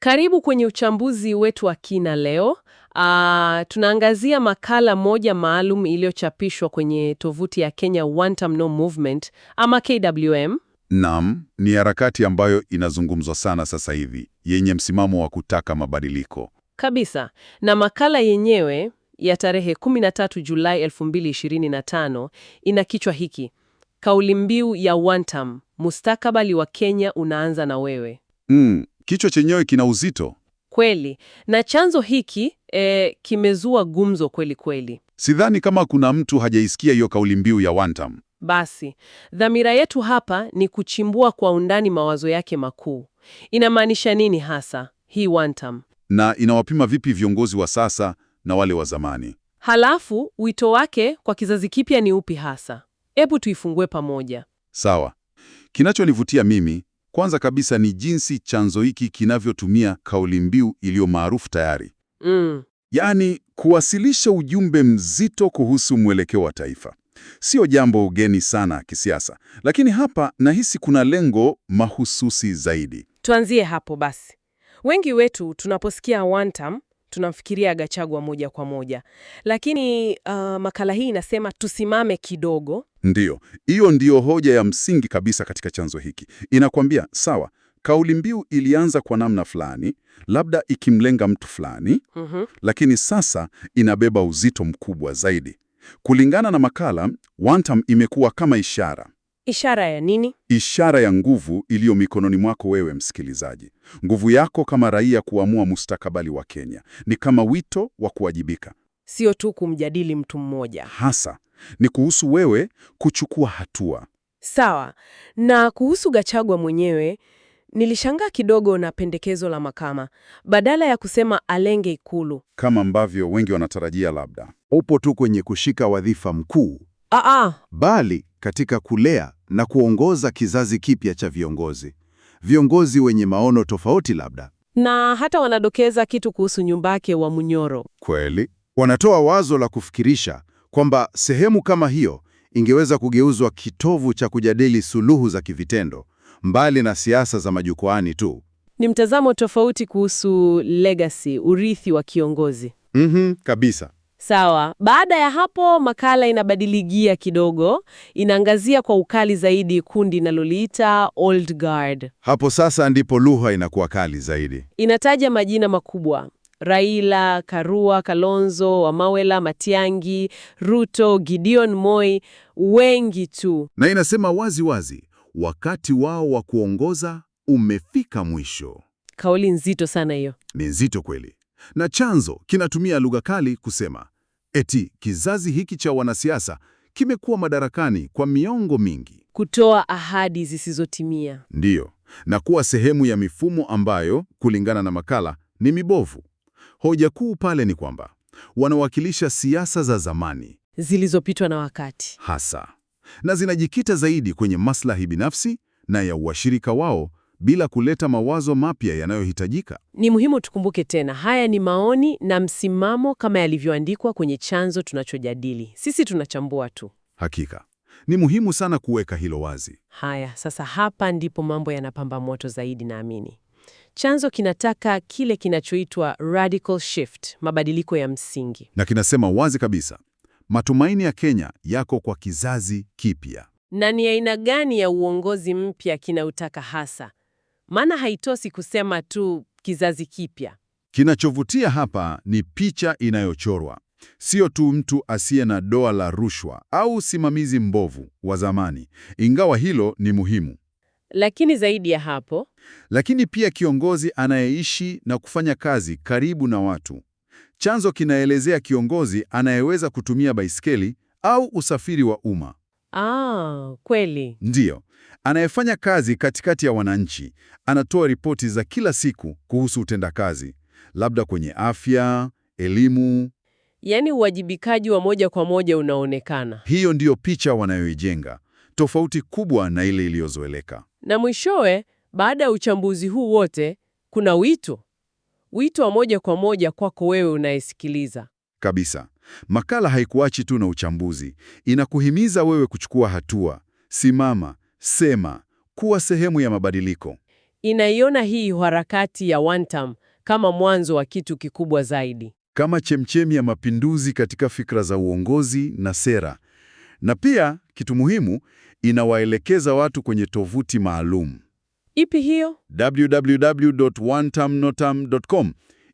Karibu kwenye uchambuzi wetu wa kina leo. Uh, tunaangazia makala moja maalum iliyochapishwa kwenye tovuti ya Kenya No Movement ama KWM. Naam, ni harakati ambayo inazungumzwa sana sasa hivi, yenye msimamo wa kutaka mabadiliko kabisa, na makala yenyewe ya tarehe 13 Julai 2025 ina kichwa hiki, kauli mbiu ya Wantam, mustakabali wa Kenya unaanza na wewe. Mm, kichwa chenyewe kina uzito kweli, na chanzo hiki e, kimezua gumzo kweli kweli. Sidhani kama kuna mtu hajaisikia hiyo kauli mbiu ya wantam. Basi dhamira yetu hapa ni kuchimbua kwa undani mawazo yake makuu. Inamaanisha nini hasa hii wantam, na inawapima vipi viongozi wa sasa na wale wa zamani? Halafu wito wake kwa kizazi kipya ni upi hasa? Hebu tuifungue pamoja. Sawa. Kinachonivutia mimi kwanza kabisa ni jinsi chanzo hiki kinavyotumia kauli mbiu iliyo maarufu tayari mm. Yaani, kuwasilisha ujumbe mzito kuhusu mwelekeo wa taifa sio jambo ugeni sana kisiasa, lakini hapa nahisi kuna lengo mahususi zaidi. Tuanzie hapo basi. Wengi wetu tunaposikia one term tunamfikiria Gachagua moja kwa moja, lakini uh, makala hii inasema tusimame kidogo. Ndiyo, hiyo ndiyo hoja ya msingi kabisa katika chanzo hiki. Inakwambia sawa, kauli mbiu ilianza kwa namna fulani, labda ikimlenga mtu fulani mm -hmm. Lakini sasa inabeba uzito mkubwa zaidi. Kulingana na makala, wantam imekuwa kama ishara Ishara ya nini? Ishara ya nguvu iliyo mikononi mwako wewe msikilizaji. Nguvu yako kama raia kuamua mustakabali wa Kenya ni kama wito wa kuwajibika, sio tu kumjadili mtu mmoja. Hasa ni kuhusu wewe kuchukua hatua. Sawa. Na kuhusu Gachagua mwenyewe nilishangaa kidogo na pendekezo la mahakama, badala ya kusema alenge Ikulu kama ambavyo wengi wanatarajia, labda upo tu kwenye kushika wadhifa mkuu, aa, ah, ah. bali katika kulea na kuongoza kizazi kipya cha viongozi, viongozi wenye maono tofauti labda, na hata wanadokeza kitu kuhusu nyumbake wa Munyoro. Kweli wanatoa wazo la kufikirisha kwamba sehemu kama hiyo ingeweza kugeuzwa kitovu cha kujadili suluhu za kivitendo, mbali na siasa za majukwaani tu. Ni mtazamo tofauti kuhusu legacy, urithi wa kiongozi. Mhm, kabisa. Sawa. Baada ya hapo, makala inabadiligia kidogo, inaangazia kwa ukali zaidi kundi linaloliita Old Guard. Hapo sasa ndipo lugha inakuwa kali zaidi, inataja majina makubwa Raila, Karua, Kalonzo, Wamawela, Matiangi, Ruto, Gideon Moi, wengi tu, na inasema wazi wazi wakati wao wa kuongoza umefika mwisho. Kauli nzito sana hiyo. Ni nzito kweli na chanzo kinatumia lugha kali kusema eti kizazi hiki cha wanasiasa kimekuwa madarakani kwa miongo mingi, kutoa ahadi zisizotimia, ndiyo, na kuwa sehemu ya mifumo ambayo kulingana na makala ni mibovu. Hoja kuu pale ni kwamba wanawakilisha siasa za zamani zilizopitwa na wakati hasa, na zinajikita zaidi kwenye maslahi binafsi na ya uashirika wao bila kuleta mawazo mapya yanayohitajika. Ni muhimu tukumbuke tena, haya ni maoni na msimamo kama yalivyoandikwa kwenye chanzo tunachojadili. Sisi tunachambua tu. Hakika. Ni muhimu sana kuweka hilo wazi. Haya, sasa hapa ndipo mambo yanapamba moto zaidi naamini. Chanzo kinataka kile kinachoitwa radical shift, mabadiliko ya msingi. Na kinasema wazi kabisa, matumaini ya Kenya yako kwa kizazi kipya. Na ni aina gani ya uongozi mpya kinautaka hasa? maana haitosi kusema tu kizazi kipya. Kinachovutia hapa ni picha inayochorwa, sio tu mtu asiye na doa la rushwa au usimamizi mbovu wa zamani, ingawa hilo ni muhimu lakini zaidi ya hapo, lakini pia kiongozi anayeishi na kufanya kazi karibu na watu. Chanzo kinaelezea kiongozi anayeweza kutumia baiskeli au usafiri wa umma. Ah, kweli. Ndiyo, anayefanya kazi katikati ya wananchi, anatoa ripoti za kila siku kuhusu utendakazi, labda kwenye afya, elimu. Yaani uwajibikaji wa moja kwa moja unaonekana. Hiyo ndiyo picha wanayoijenga, tofauti kubwa na ile iliyozoeleka. Na mwishowe, baada ya uchambuzi huu wote, kuna wito, wito wa moja kwa moja kwako wewe unayesikiliza. Kabisa. Makala haikuachi tu na uchambuzi, inakuhimiza wewe kuchukua hatua. Simama, sema, kuwa sehemu ya mabadiliko. Inaiona hii harakati ya Wantam kama mwanzo wa kitu kikubwa zaidi, kama chemchemi ya mapinduzi katika fikra za uongozi na sera. Na pia kitu muhimu, inawaelekeza watu kwenye tovuti maalum. Ipi hiyo? www.wantamnotam.com.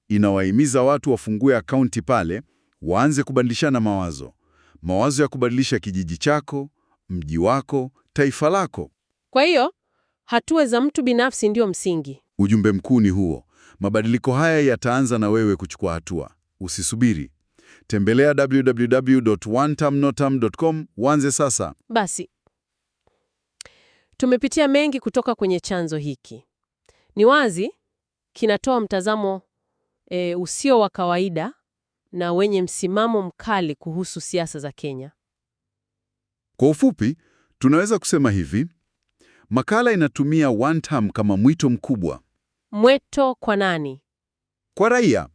Inawahimiza watu wafungue akaunti pale waanze kubadilishana mawazo, mawazo ya kubadilisha kijiji chako, mji wako, taifa lako. Kwa hiyo hatua za mtu binafsi ndio msingi. Ujumbe mkuu ni huo. Mabadiliko haya yataanza na wewe kuchukua hatua. Usisubiri. Tembelea www.onetamnotam.com uanze sasa. Basi tumepitia mengi kutoka kwenye chanzo hiki. Ni wazi kinatoa mtazamo e, usio wa kawaida na wenye msimamo mkali kuhusu siasa za Kenya. Kwa ufupi, tunaweza kusema hivi. Makala inatumia one term kama mwito mkubwa. Mwito kwa nani? Kwa raia.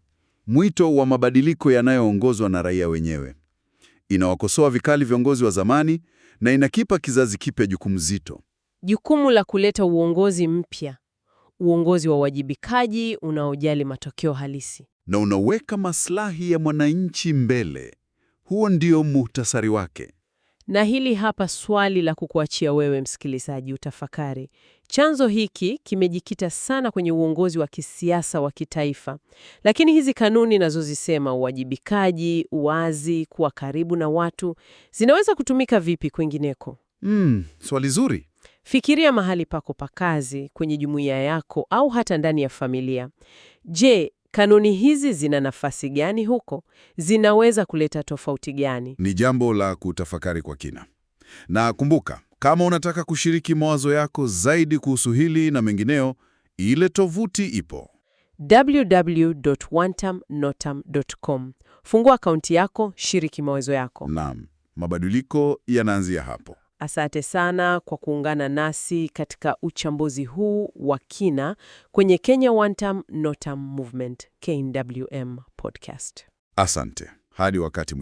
Mwito wa mabadiliko yanayoongozwa na raia wenyewe. Inawakosoa vikali viongozi wa zamani na inakipa kizazi kipya jukumu zito. Jukumu la kuleta uongozi mpya. Uongozi wa wajibikaji unaojali matokeo halisi na unaweka maslahi ya mwananchi mbele. Huo ndio muhtasari wake. Na hili hapa swali la kukuachia wewe msikilizaji utafakari. Chanzo hiki kimejikita sana kwenye uongozi wa kisiasa wa kitaifa, lakini hizi kanuni nazozisema, uwajibikaji, uwazi, kuwa karibu na watu, zinaweza kutumika vipi kwingineko? Mm, swali zuri. Fikiria mahali pako pa kazi, kwenye jumuiya yako, au hata ndani ya familia. Je, Kanuni hizi zina nafasi gani huko? Zinaweza kuleta tofauti gani? Ni jambo la kutafakari kwa kina. Na kumbuka, kama unataka kushiriki mawazo yako zaidi kuhusu hili na mengineo, ile tovuti ipo www.wantamnotam.com. Fungua akaunti yako, shiriki mawazo yako. Naam, mabadiliko yanaanzia hapo. Asante sana kwa kuungana nasi katika uchambuzi huu wa kina kwenye Kenya Wantam notam Movement KWM podcast. Asante. Hadi wakati mwingine.